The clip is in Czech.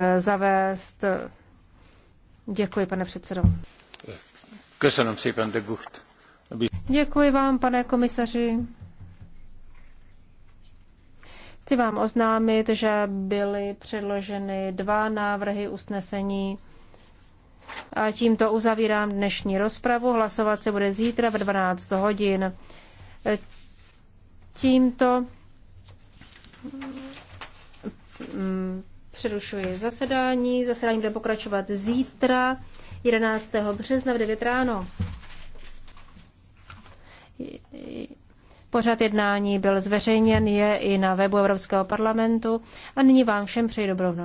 Eh, zavést. Děkuji, pane předsedo. Děkuji vám, pane komisaři. Chci vám oznámit, že byly předloženy dva návrhy usnesení. A tímto uzavírám dnešní rozpravu. Hlasovat se bude zítra v 12 hodin. Tímto Přerušuji zasedání. Zasedání bude pokračovat zítra, 11. března v 9 ráno. Pořad jednání byl zveřejněn, je i na webu Evropského parlamentu a nyní vám všem přeji dobrou noc.